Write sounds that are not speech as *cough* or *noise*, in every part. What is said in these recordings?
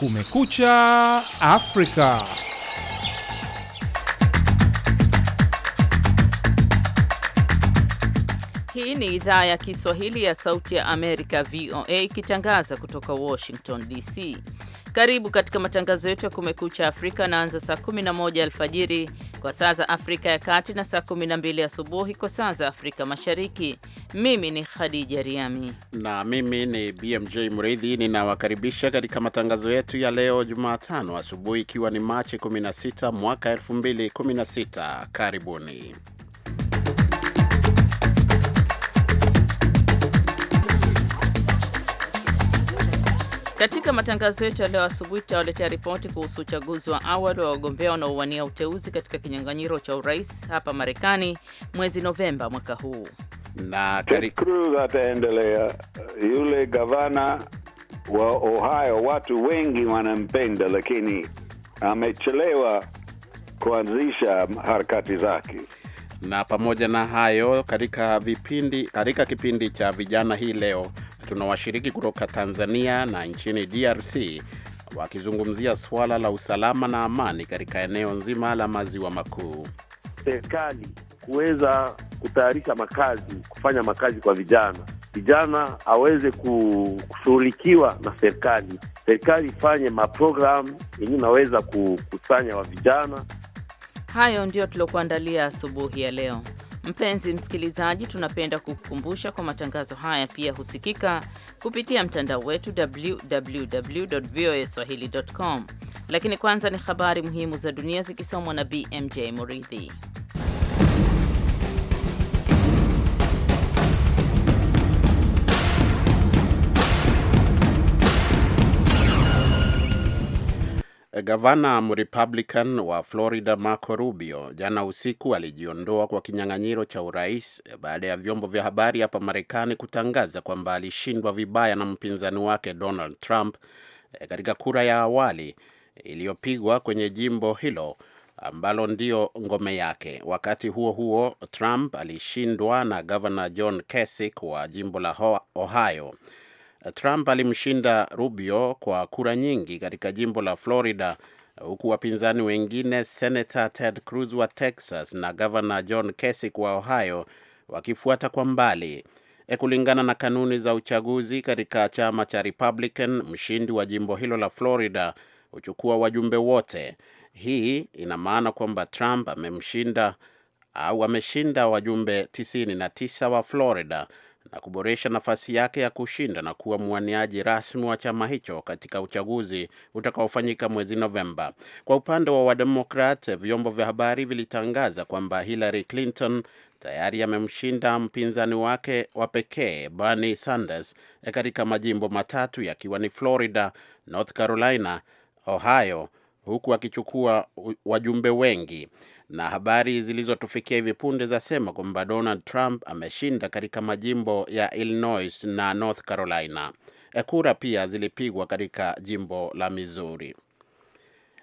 Kumekucha Afrika. Hii ni idhaa ya Kiswahili ya Sauti ya Amerika, VOA, ikitangaza kutoka Washington DC. Karibu katika matangazo yetu ya Kumekucha Afrika, naanza saa 11 alfajiri kwa saa za Afrika ya Kati na saa 12 asubuhi kwa saa za Afrika Mashariki. Mimi ni Khadija Riami na mimi ni BMJ Mridhi, ninawakaribisha katika matangazo yetu ya leo Jumatano asubuhi, ikiwa ni Machi 16 mwaka 2016. Karibuni. Katika matangazo yetu ya leo asubuhi tutawaletea ripoti kuhusu uchaguzi wa awali wa wagombea wanaowania uteuzi katika kinyang'anyiro cha urais hapa Marekani mwezi Novemba mwaka huu. Na Ted Cruz ataendelea yule gavana wa Ohio, watu wengi wanampenda, lakini amechelewa kuanzisha harakati zake. Na pamoja na hayo, katika vipindi katika kipindi cha vijana hii leo tuna washiriki kutoka Tanzania na nchini DRC wakizungumzia suala la usalama na amani katika eneo nzima la maziwa makuu. Serikali kuweza kutayarisha makazi, kufanya makazi kwa vijana, vijana aweze kushughulikiwa na serikali, serikali ifanye maprogramu yenye inaweza kukusanya wa vijana. Hayo ndio tuliokuandalia asubuhi ya leo. Mpenzi msikilizaji, tunapenda kukukumbusha kwa matangazo haya pia husikika kupitia mtandao wetu www voa swahilicom Lakini kwanza ni habari muhimu za dunia zikisomwa na BMJ Muridhi. Gavana Mrepublican wa Florida Marco Rubio jana usiku alijiondoa kwa kinyang'anyiro cha urais baada ya vyombo vya habari hapa Marekani kutangaza kwamba alishindwa vibaya na mpinzani wake Donald Trump eh, katika kura ya awali iliyopigwa kwenye jimbo hilo ambalo ndio ngome yake. Wakati huo huo, Trump alishindwa na gavana John Kasich wa jimbo la Ohio. Trump alimshinda Rubio kwa kura nyingi katika jimbo la Florida, huku wapinzani wengine Senator Ted Cruz wa Texas na Governor John Kasich wa Ohio wakifuata kwa mbali. E, kulingana na kanuni za uchaguzi katika chama cha Republican, mshindi wa jimbo hilo la Florida huchukua wajumbe wote. Hii ina maana kwamba Trump amemshinda au ameshinda wajumbe 99 wa Florida na kuboresha nafasi yake ya kushinda na kuwa mwaniaji rasmi wa chama hicho katika uchaguzi utakaofanyika mwezi Novemba. Kwa upande wa Wademokrat, vyombo vya habari vilitangaza kwamba Hillary Clinton tayari amemshinda mpinzani wake wa pekee Bernie Sanders katika majimbo matatu yakiwa ni Florida, North Carolina, Ohio, huku akichukua wajumbe wengi. Na habari zilizotufikia hivi punde zasema kwamba Donald Trump ameshinda katika majimbo ya Illinois na North Carolina. Eh, kura pia zilipigwa katika jimbo la Missouri.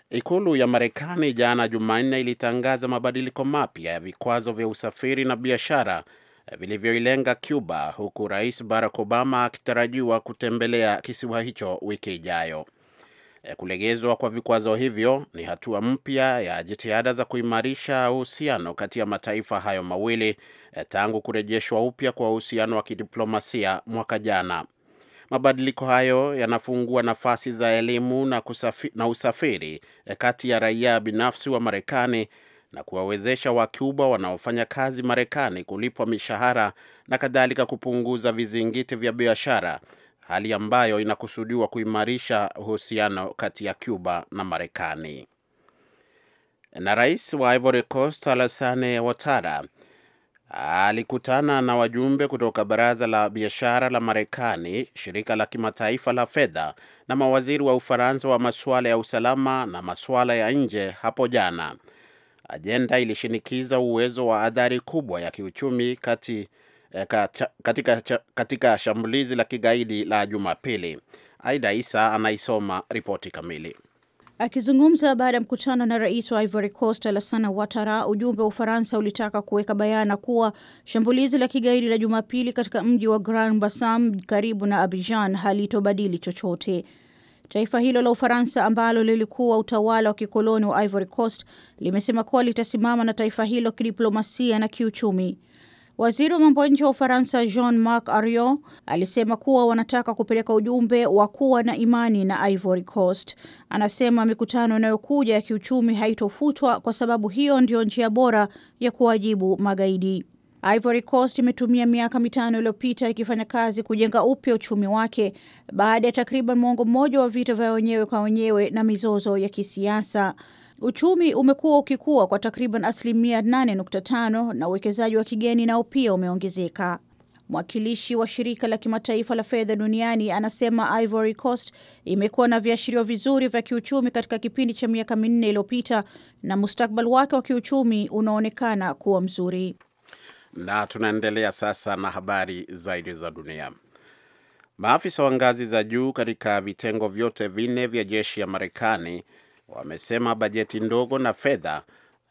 Ikulu ya Marekani jana Jumanne ilitangaza mabadiliko mapya ya vikwazo vya usafiri na biashara eh, vilivyoilenga Cuba, huku Rais Barack Obama akitarajiwa kutembelea kisiwa hicho wiki ijayo. Eh, kulegezwa kwa vikwazo hivyo ni hatua mpya ya jitihada za kuimarisha uhusiano kati ya mataifa hayo mawili eh, tangu kurejeshwa upya kwa uhusiano wa kidiplomasia mwaka jana. Mabadiliko hayo yanafungua nafasi za elimu na, kusafi, na usafiri eh, kati ya raia binafsi wa Marekani na kuwawezesha Wacuba wanaofanya kazi Marekani kulipwa mishahara na kadhalika, kupunguza vizingiti vya biashara hali ambayo inakusudiwa kuimarisha uhusiano kati ya Cuba na Marekani. Na rais wa Ivory Coast Alassane Ouattara alikutana na wajumbe kutoka baraza la biashara la Marekani, shirika la kimataifa la fedha na mawaziri wa Ufaransa wa masuala ya usalama na masuala ya nje hapo jana. Ajenda ilishinikiza uwezo wa athari kubwa ya kiuchumi kati Eh, katika, katika shambulizi la kigaidi la Jumapili. Aida Isa anaisoma ripoti kamili. Akizungumza baada ya mkutano na rais wa Ivory Coast Alassane Ouattara, ujumbe wa Ufaransa ulitaka kuweka bayana kuwa shambulizi la kigaidi la Jumapili katika mji wa Grand Bassam karibu na Abidjan halitobadili chochote. Taifa hilo la Ufaransa ambalo lilikuwa utawala wa kikoloni wa Ivory Coast limesema kuwa litasimama na taifa hilo kidiplomasia na kiuchumi. Waziri wa mambo ya nje wa Ufaransa Jean Marc Ayrault alisema kuwa wanataka kupeleka ujumbe wa kuwa na imani na Ivory Coast. Anasema mikutano inayokuja ya kiuchumi haitofutwa kwa sababu hiyo ndiyo njia bora ya kuwajibu magaidi. Ivory Coast imetumia miaka mitano iliyopita ikifanya kazi kujenga upya uchumi wake baada ya takriban mwongo mmoja wa vita vya wenyewe kwa wenyewe na mizozo ya kisiasa. Uchumi umekuwa ukikua kwa takriban asilimia 8.5 na uwekezaji wa kigeni nao pia umeongezeka. Mwakilishi wa shirika la kimataifa la fedha duniani anasema Ivory Coast imekuwa na viashirio vizuri vya kiuchumi katika kipindi cha miaka minne iliyopita na mustakbal wake wa kiuchumi unaonekana kuwa mzuri. Na tunaendelea sasa na habari zaidi za dunia. Maafisa wa ngazi za juu katika vitengo vyote vinne vya jeshi ya Marekani wamesema bajeti ndogo na fedha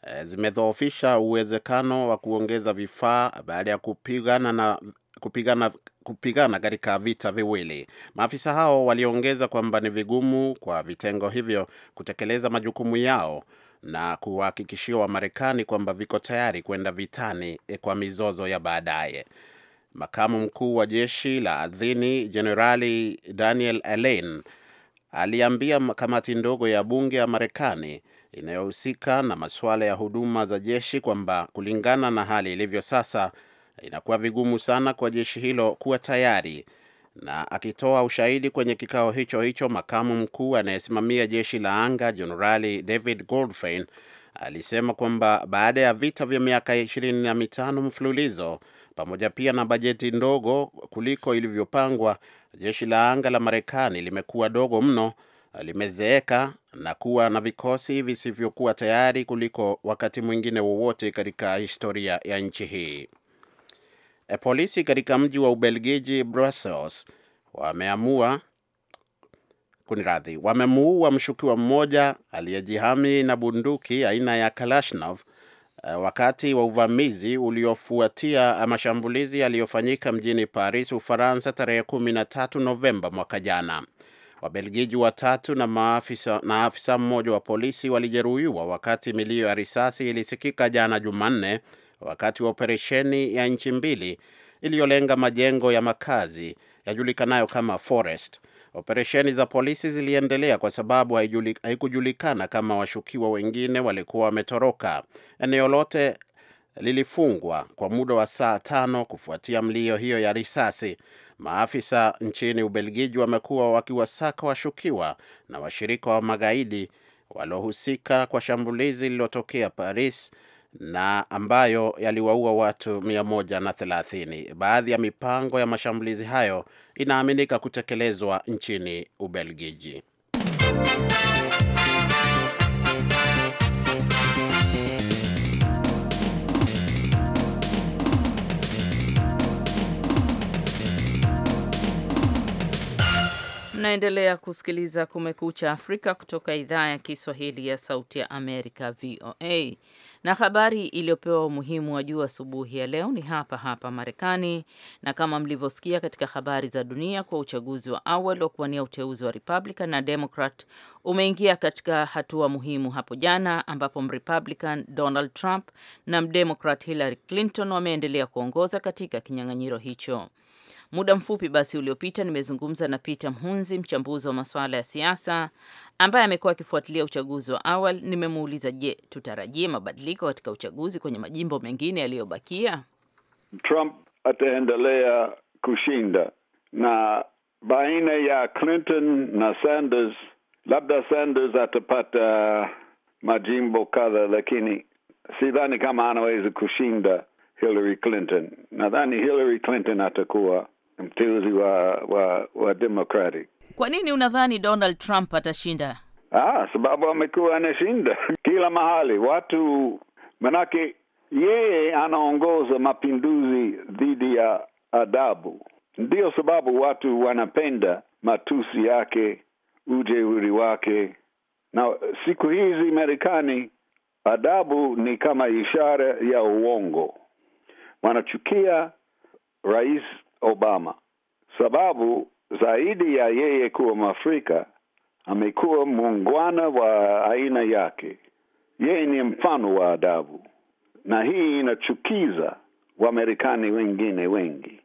eh, zimedhoofisha uwezekano wa kuongeza vifaa baada ya kupigana na kupigana kupigana katika vita viwili. Maafisa hao waliongeza kwamba ni vigumu kwa vitengo hivyo kutekeleza majukumu yao na kuwahakikishia Wamarekani kwamba viko tayari kwenda vitani eh, kwa mizozo ya baadaye. Makamu mkuu wa jeshi la ardhini Jenerali Daniel Alain aliambia kamati ndogo ya bunge ya Marekani inayohusika na masuala ya huduma za jeshi kwamba kulingana na hali ilivyo sasa inakuwa vigumu sana kwa jeshi hilo kuwa tayari. Na akitoa ushahidi kwenye kikao hicho hicho, makamu mkuu anayesimamia jeshi la anga Jenerali David Goldfein alisema kwamba baada ya vita vya miaka ishirini na mitano mfululizo pamoja pia na bajeti ndogo kuliko ilivyopangwa, jeshi la anga la Marekani limekuwa dogo mno, limezeeka na kuwa na vikosi visivyokuwa tayari kuliko wakati mwingine wowote katika historia ya nchi hii. E, polisi katika mji wa Ubelgiji Brussels wameamua kuniradhi, wamemuua mshukiwa mmoja aliyejihami na bunduki aina ya Kalashnikov Eh, wakati wa uvamizi uliofuatia eh, mashambulizi yaliyofanyika mjini Paris, Ufaransa, tarehe 13 Novemba mwaka jana. Wabelgiji watatu na maafisa, na afisa mmoja wa polisi walijeruhiwa wakati milio ya risasi ilisikika jana Jumanne wakati wa operesheni ya nchi mbili iliyolenga majengo ya makazi yajulikanayo kama Forest. Operesheni za polisi ziliendelea kwa sababu haikujulikana kama washukiwa wengine walikuwa wametoroka. Eneo lote lilifungwa kwa muda wa saa tano kufuatia mlio hiyo ya risasi. Maafisa nchini Ubelgiji wamekuwa wakiwasaka washukiwa na washirika wa magaidi waliohusika kwa shambulizi lililotokea Paris na ambayo yaliwaua watu 130. Baadhi ya mipango ya mashambulizi hayo inaaminika kutekelezwa nchini Ubelgiji. Mnaendelea kusikiliza Kumekucha Afrika kutoka idhaa ya Kiswahili ya Sauti ya Amerika, VOA. Na habari iliyopewa umuhimu wa juu asubuhi ya leo ni hapa hapa Marekani, na kama mlivyosikia katika habari za dunia, kwa uchaguzi wa awali wa kuwania uteuzi wa Republican na Democrat umeingia katika hatua muhimu hapo jana, ambapo Mrepublican Donald Trump na Mdemocrat Hillary Clinton wameendelea kuongoza katika kinyang'anyiro hicho. Muda mfupi basi uliopita nimezungumza na Peter Mhunzi, mchambuzi wa masuala ya siasa ambaye amekuwa akifuatilia uchaguzi wa awali. Nimemuuliza, je, tutarajie mabadiliko katika uchaguzi kwenye majimbo mengine yaliyobakia? Trump ataendelea kushinda na baina ya Clinton na Sanders, labda Sanders atapata majimbo kadha, lakini sidhani kama anaweza kushinda Hillary Clinton. Nadhani Hillary Clinton atakuwa mteuzi wa wa wa Democratic. Kwa nini unadhani Donald Trump atashinda? Ah, sababu amekuwa anashinda *laughs* kila mahali watu, manake yeye anaongoza mapinduzi dhidi ya adabu. Ndiyo sababu watu wanapenda matusi yake, ujeuri wake. Na siku hizi Marekani, adabu ni kama ishara ya uongo. Wanachukia rais Obama. Sababu zaidi ya yeye kuwa Mwafrika, amekuwa muungwana wa aina yake. Yeye ni mfano wa adabu, na hii inachukiza Wamarekani wengine wengi.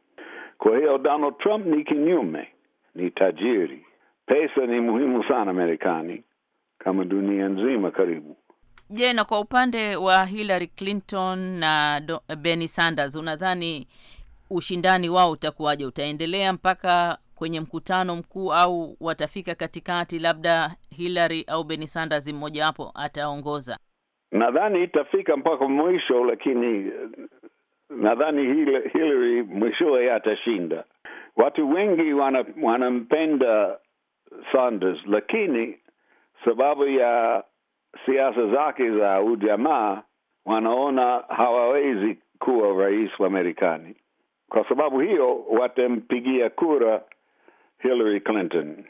Kwa hiyo Donald Trump ni kinyume, ni tajiri. Pesa ni muhimu sana Marekani kama dunia nzima karibu. Je, na kwa upande wa Hillary Clinton na Bernie Sanders unadhani ushindani wao utakuwaje? Utaendelea mpaka kwenye mkutano mkuu au watafika katikati, labda Hillary au Bernie Sanders mmojawapo ataongoza? Nadhani itafika mpaka mwisho, lakini eh, nadhani Hillary mwishowe atashinda. Watu wengi wanampenda wana Sanders, lakini sababu ya siasa zake za ujamaa wanaona hawawezi kuwa rais wa Marekani. Kwa sababu hiyo watampigia kura Hillary Clinton.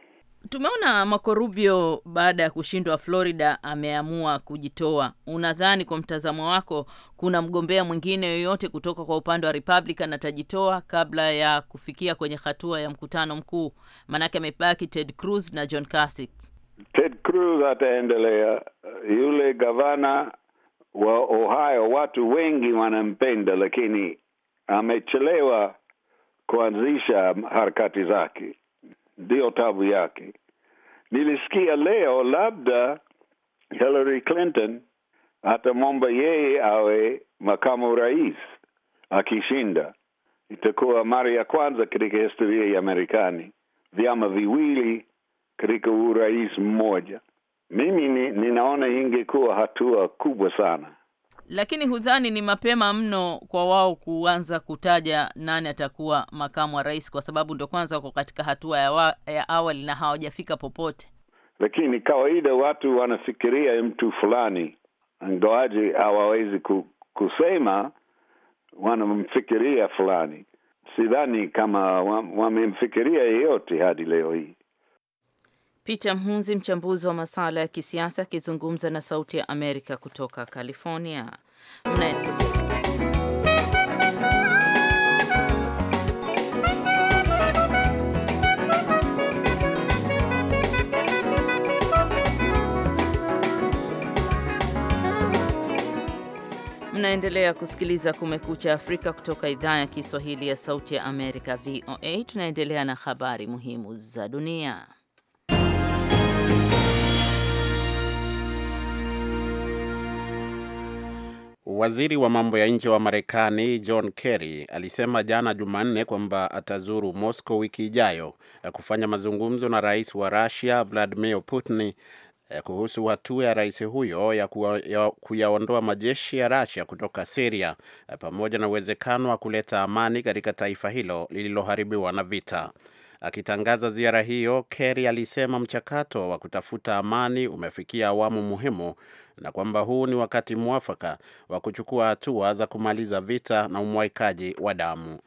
Tumeona Marco Rubio baada ya kushindwa Florida ameamua kujitoa. Unadhani kwa mtazamo wako kuna mgombea mwingine yoyote kutoka kwa upande wa Republican atajitoa kabla ya kufikia kwenye hatua ya mkutano mkuu? Maanake amebaki Ted Cruz na John Kasich. Ted Cruz ataendelea, yule gavana wa Ohio, watu wengi wanampenda, lakini amechelewa kuanzisha harakati zake, ndiyo tabu yake. Nilisikia leo labda Hillary Clinton atamwomba yeye awe makamu rais akishinda. Itakuwa mara ya kwanza katika historia ya Marekani vyama viwili katika urais mmoja. Mimi ni, ninaona ingekuwa hatua kubwa sana lakini hudhani ni mapema mno kwa wao kuanza kutaja nani atakuwa makamu wa rais, kwa sababu ndo kwanza wako katika hatua ya, wa, ya awali na hawajafika popote. Lakini kawaida watu wanafikiria mtu fulani, ingawaje hawawezi kusema wanamfikiria fulani. Sidhani kama wamemfikiria yeyote hadi leo hii. Peter Mhunzi, mchambuzi wa masuala ya kisiasa, akizungumza na Sauti ya Amerika kutoka California. Mna... Mnaendelea kusikiliza Kumekucha Afrika kutoka idhaa ya Kiswahili ya Sauti ya Amerika, VOA. Tunaendelea na habari muhimu za dunia. Waziri wa mambo ya nje wa Marekani John Kerry alisema jana Jumanne kwamba atazuru Moscow wiki ijayo eh, kufanya mazungumzo na rais wa Russia Vladimir Putin eh, kuhusu hatua ya rais huyo ya, kuyaondoa majeshi ya Russia kutoka Syria eh, pamoja na uwezekano wa kuleta amani katika taifa hilo lililoharibiwa na vita. Akitangaza ziara hiyo, Kerry alisema mchakato wa kutafuta amani umefikia awamu muhimu na kwamba huu ni wakati mwafaka wa kuchukua hatua za kumaliza vita na umwaikaji wa damu.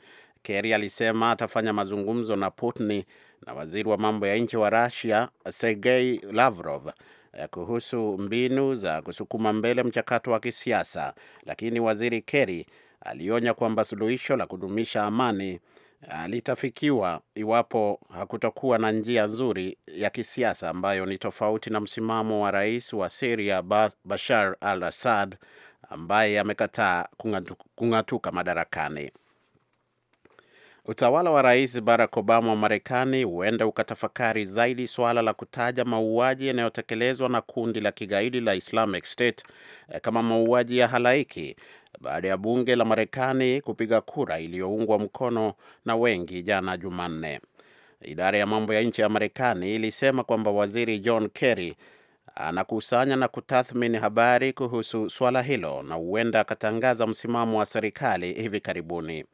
Kerry alisema atafanya mazungumzo na Putin na waziri wa mambo ya nje wa Russia Sergei Lavrov eh, kuhusu mbinu za kusukuma mbele mchakato wa kisiasa, lakini waziri Kerry alionya kwamba suluhisho la kudumisha amani Ah, litafikiwa iwapo hakutakuwa na njia nzuri ya kisiasa ambayo ni tofauti na msimamo wa rais wa siria Bashar al-Assad ambaye amekataa kung'atuka madarakani. Utawala wa Rais Barack Obama wa Marekani huenda ukatafakari zaidi suala la kutaja mauaji yanayotekelezwa na kundi la kigaidi la Islamic State eh, kama mauaji ya halaiki baada ya bunge la Marekani kupiga kura iliyoungwa mkono na wengi jana Jumanne. Idara ya mambo ya nje ya Marekani ilisema kwamba waziri John Kerry anakusanya na kutathmini habari kuhusu swala hilo na huenda akatangaza msimamo wa serikali hivi karibuni.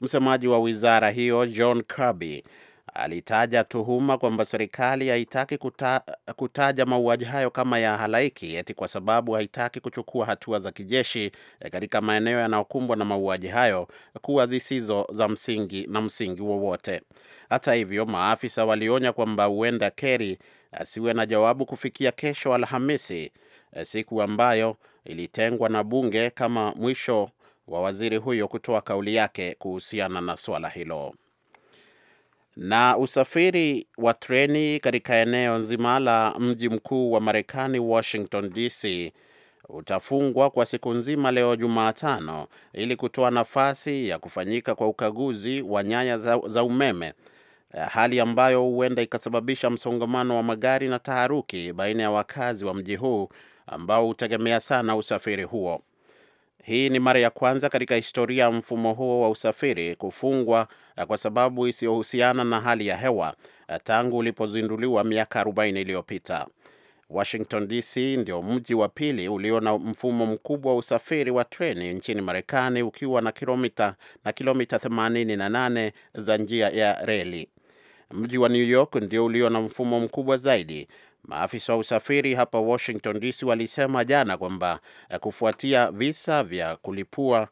Msemaji wa wizara hiyo John Kirby alitaja tuhuma kwamba serikali haitaki kuta, kutaja mauaji hayo kama ya halaiki eti kwa sababu haitaki kuchukua hatua za kijeshi eh, katika maeneo yanayokumbwa na mauaji hayo kuwa zisizo za msingi na msingi wowote. Hata hivyo, maafisa walionya kwamba huenda Keri asiwe na jawabu kufikia kesho Alhamisi, eh, siku ambayo ilitengwa na bunge kama mwisho wa waziri huyo kutoa kauli yake kuhusiana na swala hilo. Na usafiri wa treni katika eneo nzima la mji mkuu wa Marekani, Washington DC, utafungwa kwa siku nzima leo Jumatano ili kutoa nafasi ya kufanyika kwa ukaguzi wa nyaya za, za umeme, eh, hali ambayo huenda ikasababisha msongamano wa magari na taharuki baina ya wakazi wa mji huu ambao hutegemea sana usafiri huo. Hii ni mara ya kwanza katika historia ya mfumo huo wa usafiri kufungwa eh, kwa sababu isiyohusiana na hali ya hewa eh, tangu ulipozinduliwa miaka 40 iliyopita. Washington DC ndio mji wa pili ulio na mfumo mkubwa wa usafiri wa treni nchini Marekani ukiwa na kilomita na kilomita 88 za njia ya reli. Mji wa New York ndio ulio na mfumo mkubwa zaidi Maafisa wa usafiri hapa Washington DC walisema jana kwamba eh, kufuatia visa vya kulipua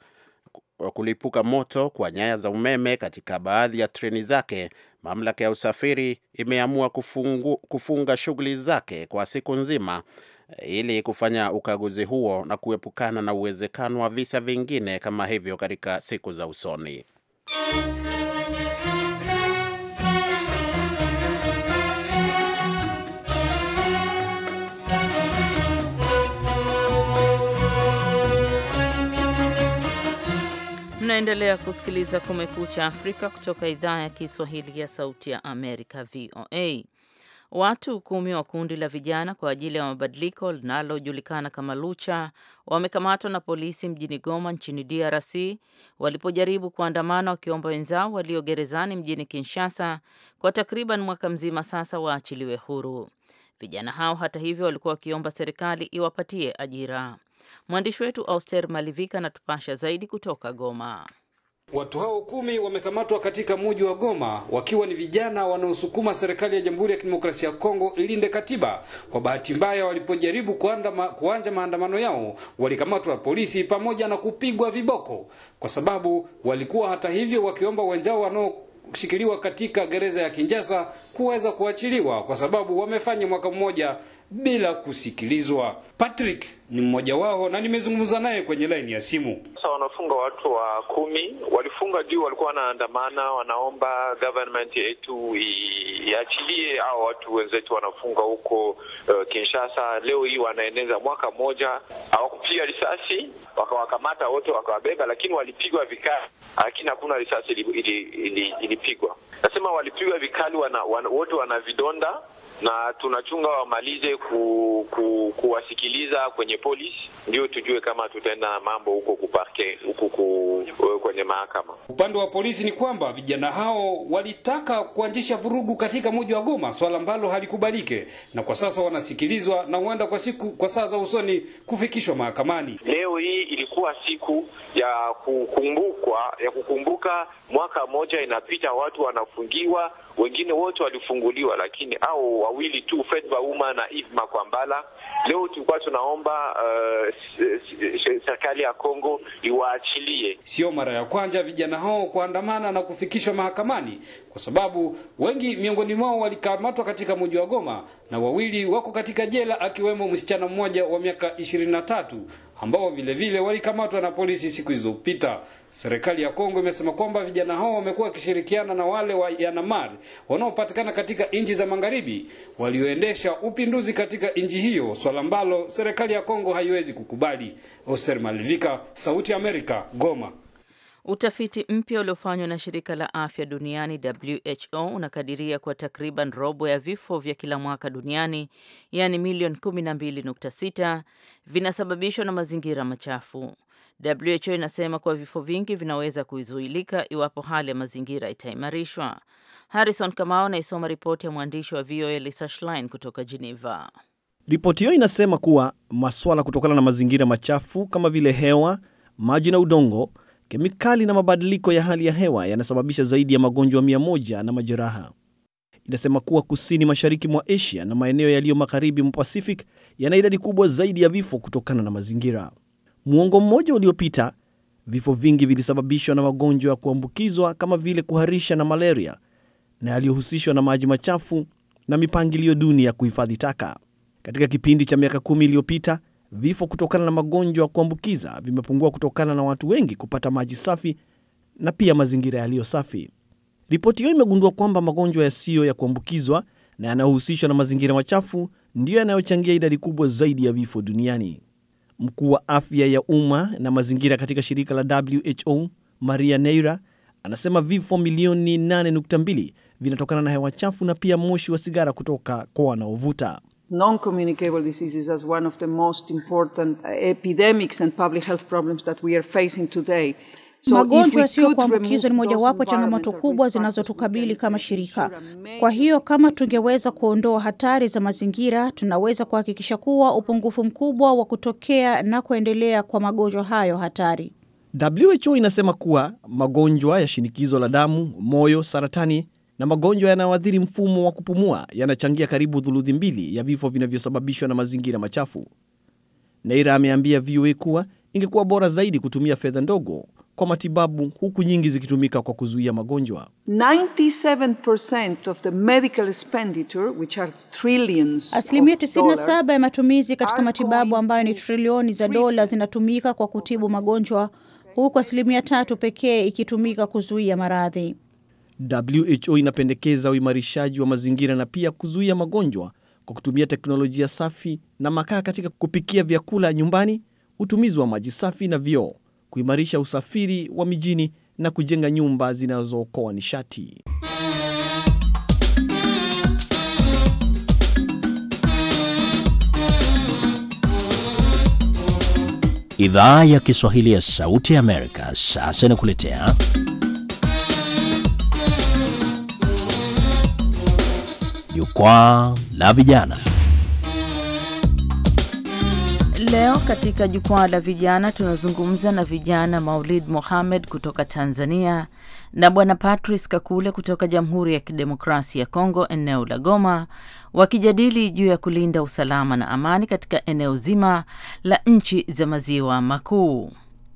kulipuka moto kwa nyaya za umeme katika baadhi ya treni zake, mamlaka ya usafiri imeamua kufungu, kufunga shughuli zake kwa siku nzima eh, ili kufanya ukaguzi huo na kuepukana na uwezekano wa visa vingine kama hivyo katika siku za usoni. Mnaendelea kusikiliza Kumekucha Afrika kutoka idhaa ya Kiswahili ya Sauti ya Amerika, VOA. Watu kumi wa kundi la vijana kwa ajili ya mabadiliko linalojulikana kama Lucha wamekamatwa na polisi mjini Goma nchini DRC walipojaribu kuandamana wakiomba wenzao walio gerezani mjini Kinshasa kwa takriban mwaka mzima sasa waachiliwe huru. Vijana hao hata hivyo walikuwa wakiomba serikali iwapatie ajira. Mwandishi wetu Auster Malivika anatupasha zaidi kutoka Goma. Watu hao kumi wamekamatwa katika muji wa Goma wakiwa ni vijana wanaosukuma serikali ya Jamhuri ya Kidemokrasia ya Kongo ilinde katiba. Kwa bahati mbaya, walipojaribu kuanja maandamano yao, walikamatwa polisi pamoja na kupigwa viboko, kwa sababu walikuwa hata hivyo wakiomba wenzao wanao kushikiliwa katika gereza ya Kinjasa kuweza kuachiliwa kwa sababu wamefanya mwaka mmoja bila kusikilizwa. Patrick ni mmoja wao na nimezungumza naye kwenye laini ya simu. Sasa wanafunga watu wa kumi, walifunga juu walikuwa wanaandamana, wanaomba government yetu iachilie hao watu wenzetu wanafunga huko uh, Kinshasa. Leo hii wanaeneza mwaka mmoja, hawakupiga risasi, wakawakamata wote wakawabeba, lakini walipigwa vikali, lakini hakuna risasi ilipigwa ili, ili, nasema walipigwa vikali, wote wana, wote wana vidonda na tunachunga wamalize ku, ku kuwasikiliza kwenye polisi, ndio tujue kama tutaenda na mambo huko kuparke huko ku, eh, kwenye mahakama. Upande wa polisi ni kwamba vijana hao walitaka kuanzisha vurugu katika mji wa Goma, swala ambalo halikubalike, na kwa sasa wanasikilizwa na huenda kwa siku kwa saa za usoni kufikishwa mahakamani leo hii ilikuwa siku ya kukumbukwa ya kukumbuka, mwaka mmoja inapita, watu wanafungiwa, wengine wote walifunguliwa, lakini au wawili tu, Fred Bauma na Yves Makwambala. Leo tulikuwa tunaomba uh, serikali ya Kongo iwaachilie. Sio mara ya kwanza vijana hao kuandamana na kufikishwa mahakamani, kwa sababu wengi miongoni mwao walikamatwa katika mji wa Goma na wawili wako katika jela, akiwemo msichana mmoja wa miaka ishirini na tatu ambao vile vile walikamatwa na polisi siku zilizopita. Serikali ya Kongo imesema kwamba vijana hao wamekuwa wakishirikiana na wale wa Yanamar wanaopatikana katika nchi za magharibi walioendesha upinduzi katika nchi hiyo, swala ambalo serikali ya Kongo haiwezi kukubali. Oser Malivika, Sauti ya Amerika, Goma. Utafiti mpya uliofanywa na shirika la afya duniani WHO unakadiria kwa takriban robo ya vifo vya kila mwaka duniani, yaani milioni 12.6 vinasababishwa na mazingira machafu. WHO inasema kuwa vifo vingi vinaweza kuzuilika iwapo hali ya mazingira itaimarishwa. Harrison kamau anaisoma ripoti ya mwandishi wa VOA Lisa Schlein kutoka Geneva. Ripoti hiyo inasema kuwa maswala kutokana na mazingira machafu kama vile hewa, maji na udongo Kemikali na mabadiliko ya hali ya hewa yanasababisha zaidi ya magonjwa mia moja na majeraha. Inasema kuwa kusini mashariki mwa Asia na maeneo yaliyo magharibi mwa Pacific yana idadi kubwa zaidi ya vifo kutokana na mazingira. Muongo mmoja uliopita, vifo vingi vilisababishwa na magonjwa ya kuambukizwa kama vile kuharisha na malaria na yaliyohusishwa na maji machafu na mipangilio duni ya kuhifadhi taka. Katika kipindi cha miaka kumi iliyopita, Vifo kutokana na magonjwa kuambukiza vimepungua kutokana na watu wengi kupata maji safi na pia mazingira yaliyo safi. Ripoti hiyo imegundua kwamba magonjwa yasiyo ya kuambukizwa na yanayohusishwa na mazingira machafu ndiyo yanayochangia idadi kubwa zaidi ya vifo duniani. Mkuu wa afya ya umma na mazingira katika shirika la WHO Maria Neira anasema vifo milioni 8.2 vinatokana na hewa chafu na pia moshi wa sigara kutoka kwa wanaovuta non-communicable diseases as one of the most important uh, epidemics and public health problems that we are facing today. So magonjwa yasiyo kuambukizwa ni mojawapo changamoto kubwa zinazotukabili kama shirika. Kwa hiyo kama tungeweza kuondoa hatari za mazingira, tunaweza kuhakikisha kuwa upungufu mkubwa wa kutokea na kuendelea kwa magonjwa hayo hatari. WHO inasema kuwa magonjwa ya shinikizo la damu, moyo, saratani na magonjwa yanayoathiri mfumo wa kupumua yanachangia karibu thuluthi mbili ya vifo vinavyosababishwa na mazingira machafu. Neira ameambia VOA kuwa ingekuwa bora zaidi kutumia fedha ndogo kwa matibabu huku nyingi zikitumika kwa kuzuia magonjwa. 97% of the medical expenditure which are trillions. Asilimia 97 ya matumizi katika matibabu ambayo ni trilioni za dola zinatumika kwa kutibu magonjwa huku asilimia tatu pekee ikitumika kuzuia maradhi. WHO inapendekeza uimarishaji wa mazingira na pia kuzuia magonjwa kwa kutumia teknolojia safi na makaa katika kupikia vyakula nyumbani, utumizi wa maji safi na vyoo, kuimarisha usafiri wa mijini na kujenga nyumba zinazookoa nishati. Idhaa ya Kiswahili ya Sauti ya Amerika sasa inakuletea Jukwaa la Vijana. Leo katika Jukwaa la Vijana tunazungumza na vijana Maulid Mohamed kutoka Tanzania na Bwana Patrice Kakule kutoka Jamhuri ya Kidemokrasia ya Kongo, eneo la Goma, wakijadili juu ya kulinda usalama na amani katika eneo zima la nchi za maziwa makuu.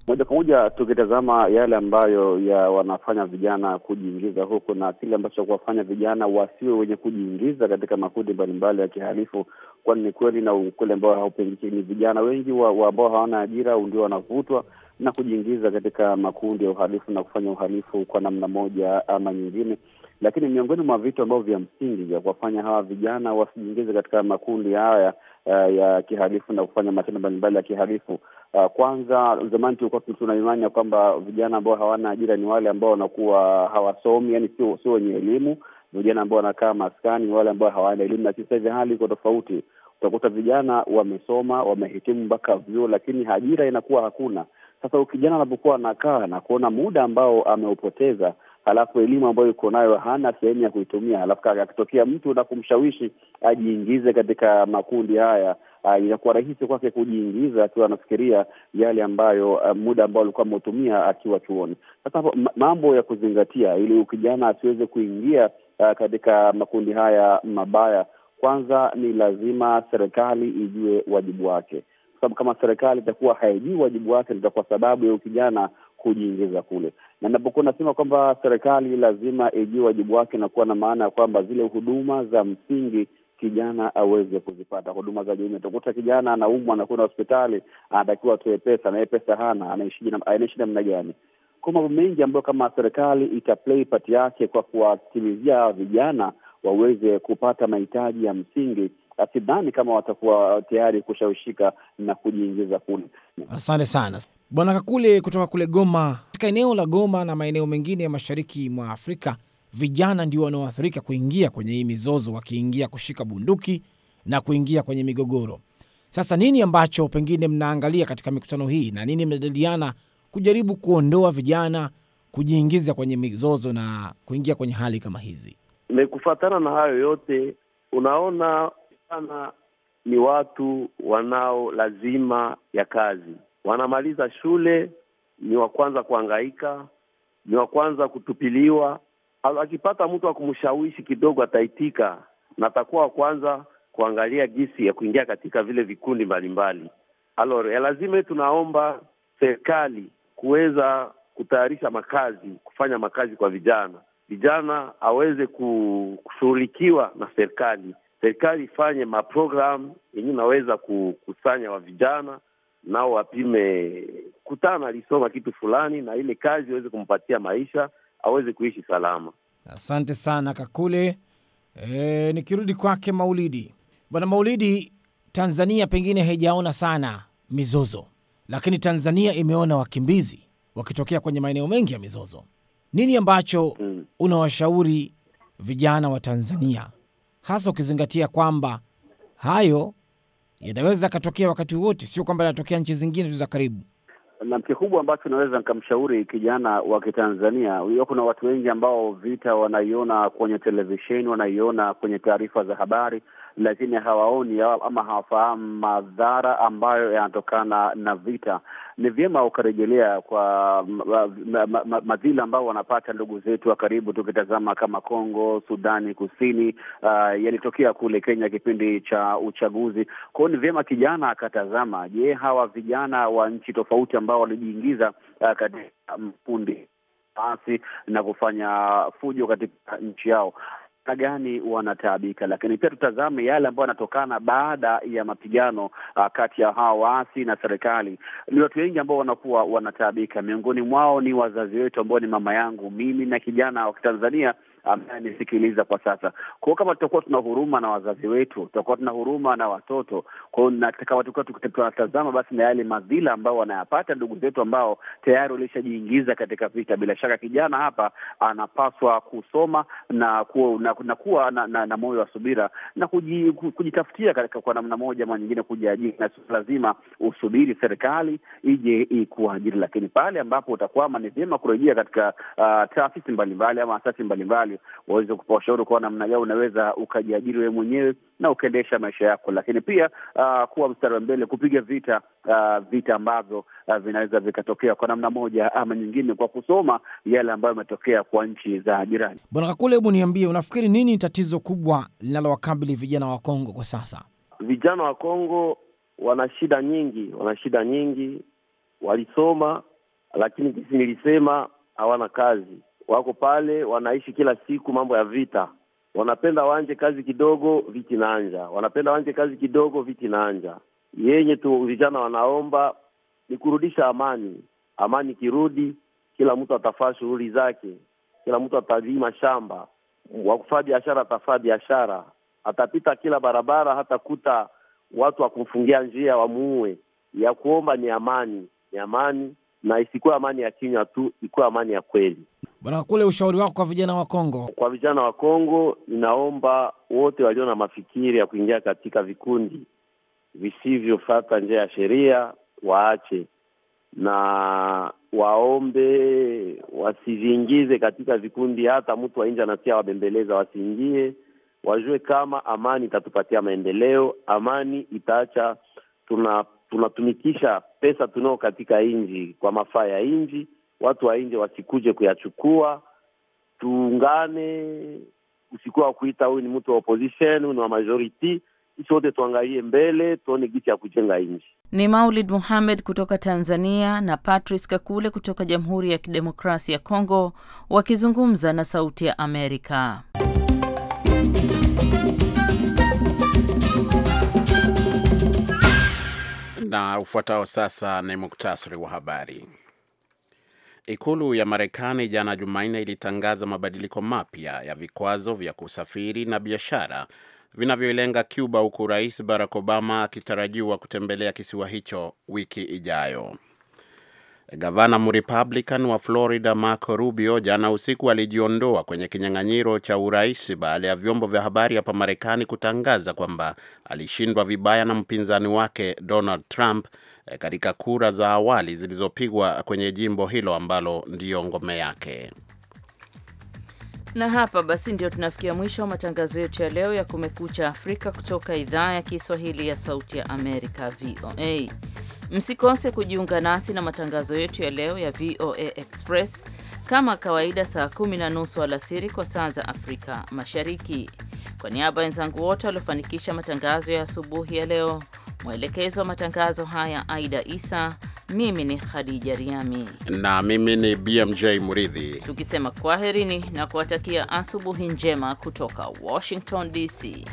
Moja kwa moja tukitazama yale ambayo ya wanafanya vijana kujiingiza huku na kile ambacho kuwafanya vijana wasiwe wenye kujiingiza katika makundi mbalimbali ya kihalifu, kwani ni kweli na ukweli ambao haupengiki ni vijana wengi ambao hawana ajira ndio wanavutwa na kujiingiza katika makundi ya uhalifu na kufanya uhalifu kwa namna moja ama nyingine. Lakini miongoni mwa vitu ambavyo vya msingi vya kuwafanya hawa vijana wasijiingize katika makundi haya eh, ya kihalifu na kufanya matendo mbalimbali ya kihalifu uh, kwanza, zamani tulikuwa tunaimani ya kwamba vijana ambao hawana ajira ni wale ambao wanakuwa hawasomi, yani sio wenye elimu. Vijana ambao wanakaa maskani ni wale ambao hawana elimu, lakini sasa hivi hali iko tofauti. Utakuta vijana wamesoma, wamehitimu mpaka vyuo, lakini ajira inakuwa hakuna. Sasa kijana anapokuwa anakaa na kuona muda ambao ameupoteza alafu elimu ambayo iko nayo hana sehemu ya kuitumia, alafu akitokea mtu na kumshawishi ajiingize katika makundi haya, ah, inakuwa rahisi kwake kujiingiza akiwa anafikiria yale ambayo ah, muda ambao alikuwa ameutumia akiwa chuoni. Sasa mambo ya kuzingatia ili kijana asiweze kuingia a, ah, katika makundi haya mabaya, kwanza ni lazima serikali ijue wajibu wake sababu kama serikali itakuwa haijui wajibu wake, litakuwa sababu ya kijana kujiingiza kule. Na ninapokuwa nasema kwamba serikali lazima ijue wajibu wake, inakuwa na maana ya kwamba zile huduma za msingi kijana aweze kuzipata huduma za jamii. Utakuta kijana anaumwa, anakwenda hospitali, anatakiwa atoe pesa, naye pesa hana, anaishi namna gani? Kwa mambo mengi ambayo kama serikali itaplay part yake kwa kuwatimizia vijana waweze kupata mahitaji ya msingi sidhani kama watakuwa tayari kushawishika na kujiingiza kule. Asante sana Bwana Kakule kutoka kule Goma. Katika eneo la Goma na maeneo mengine ya mashariki mwa Afrika, vijana ndio wanaoathirika kuingia kwenye hii mizozo, wakiingia kushika bunduki na kuingia kwenye migogoro. Sasa nini ambacho pengine mnaangalia katika mikutano hii na nini mnajadiliana kujaribu kuondoa vijana kujiingiza kwenye mizozo na kuingia kwenye hali kama hizi? Ni kufuatana na hayo yote, unaona sana ni watu wanao lazima ya kazi, wanamaliza shule ni wa kwanza kuangaika, ni wa kwanza kutupiliwa. Akipata mtu wa kumshawishi kidogo, ataitika na atakuwa wa kwanza kuangalia gisi ya kuingia katika vile vikundi mbalimbali. Alore, lazima tunaomba serikali kuweza kutayarisha makazi, kufanya makazi kwa vijana, vijana aweze kushughulikiwa na serikali serikali ifanye maprogram yenye inaweza kukusanya wa vijana nao wapime, kutana alisoma kitu fulani na ile kazi iweze kumpatia maisha, aweze kuishi salama. Asante sana Kakule. E, nikirudi kwake Maulidi, bwana Maulidi, Tanzania pengine haijaona sana mizozo, lakini Tanzania imeona wakimbizi wakitokea kwenye maeneo mengi ya mizozo. Nini ambacho mm, unawashauri vijana wa Tanzania hasa ukizingatia kwamba hayo yanaweza akatokea wakati wote, sio kwamba yanatokea nchi zingine tu za karibu. Na kikubwa ambacho naweza nikamshauri kijana wa Kitanzania, unajua kuna watu wengi ambao vita wanaiona kwenye televisheni, wanaiona kwenye taarifa za habari lakini hawaoni ama hawafahamu madhara ambayo yanatokana na vita. Ni vyema ukarejelea kwa madhila ambao wanapata ndugu zetu wa karibu, tukitazama kama Kongo, Sudani Kusini, uh, yalitokea kule Kenya kipindi cha uchaguzi. Kwa hiyo ni vyema kijana akatazama, je, hawa vijana wa nchi tofauti ambao walijiingiza uh, katika mkundi na kufanya fujo katika nchi yao gani wanataabika, lakini pia tutazame yale ambayo yanatokana baada ya mapigano uh, kati ya hawa waasi na serikali. Ni watu wengi ambao wanakuwa wanataabika, miongoni mwao ni wazazi wetu ambao ni mama yangu mimi na kijana wa Kitanzania ambaye amesikiliza kwa sasa. Kwa hiyo kama tutakuwa tuna huruma na wazazi wetu, tutakuwa tuna huruma na watoto, kwa hiyo watu tunatazama basi na yale madhila ambao wanayapata ndugu zetu ambao tayari walishajiingiza katika vita, bila shaka kijana hapa anapaswa kusoma na kuwa na, na, na, na, na moyo wa subira na kuji, kujitafutia katika kwa namna moja ama nyingine kujiajiri, na sio lazima usubiri serikali ije ikuajiri, lakini pale ambapo utakwama ni vyema kurejea katika uh, taasisi mbalimbali ama asasi mbalimbali serikali waweze kupa ushauri kwa namna gani unaweza ukajiajiri wewe mwenyewe na ukaendesha maisha yako, lakini pia uh, kuwa mstari wa mbele kupiga vita uh, vita ambavyo uh, vinaweza vikatokea kwa namna moja ama nyingine, kwa kusoma yale ambayo yametokea kwa nchi za jirani. Bwana Kakule, hebu niambie, unafikiri nini tatizo kubwa linalowakabili vijana wa Kongo kwa sasa? Vijana wa Kongo wana shida nyingi, wana shida nyingi, walisoma lakini kisi nilisema hawana kazi wako pale wanaishi kila siku mambo ya vita. Wanapenda wanje kazi kidogo, viti nanja, wanapenda wanje kazi kidogo, viti nanja. Yenye tu vijana wanaomba ni kurudisha amani. Amani kirudi, kila mtu atafaa shughuli zake, kila mtu atalima shamba, wakufaa biashara atafaa biashara, atapita kila barabara, hata kuta watu wa kumfungia njia wamuue. Ya kuomba ni amani, ni amani, na isikuwe amani ya kinywa tu, ikuwe amani ya kweli. Bwana Kule, ushauri wako kwa vijana wa Kongo? Kwa vijana wa Kongo, ninaomba wote walio na mafikiri ya kuingia katika vikundi visivyofata njia ya sheria waache na waombe wasiviingize katika vikundi. Hata mtu wa nje anatia wabembeleza, wasiingie. Wajue kama amani itatupatia maendeleo, amani itaacha tuna tunatumikisha pesa tunao katika nji kwa mafaa ya nji, watu wa nje wasikuje kuyachukua. Tuungane, usikuwa wa kuita huyu ni mtu wa opposition, huyu ni wa majority. Sisi wote tuangalie mbele, tuone gisi ya kujenga nchi. Ni Maulid Muhamed kutoka Tanzania na Patrice Kakule kutoka Jamhuri ya Kidemokrasia ya Kongo wakizungumza na Sauti ya Amerika. Na ufuatao sasa ni muktasari wa habari. Ikulu ya Marekani jana Jumanne ilitangaza mabadiliko mapya ya vikwazo vya kusafiri na biashara vinavyoilenga Cuba, huku Rais Barack Obama akitarajiwa kutembelea kisiwa hicho wiki ijayo. Gavana mrepublican wa Florida Marco Rubio jana usiku alijiondoa kwenye kinyang'anyiro cha urais baada ya vyombo vya habari hapa Marekani kutangaza kwamba alishindwa vibaya na mpinzani wake Donald Trump Eh, katika kura za awali zilizopigwa kwenye jimbo hilo ambalo ndiyo ngome yake. Na hapa basi ndio tunafikia mwisho wa matangazo yetu ya leo ya Kumekucha Afrika kutoka idhaa ya Kiswahili ya Sauti ya Amerika, VOA. Msikose kujiunga nasi na matangazo yetu ya leo ya VOA Express kama kawaida, saa kumi na nusu alasiri kwa saa za Afrika Mashariki. Kwa niaba ya wenzangu wote waliofanikisha matangazo ya asubuhi ya leo Mwelekezo wa matangazo haya Aida Isa, mimi ni Khadija Riami na mimi ni BMJ Muridhi, tukisema kwaherini na kuwatakia asubuhi njema kutoka Washington DC.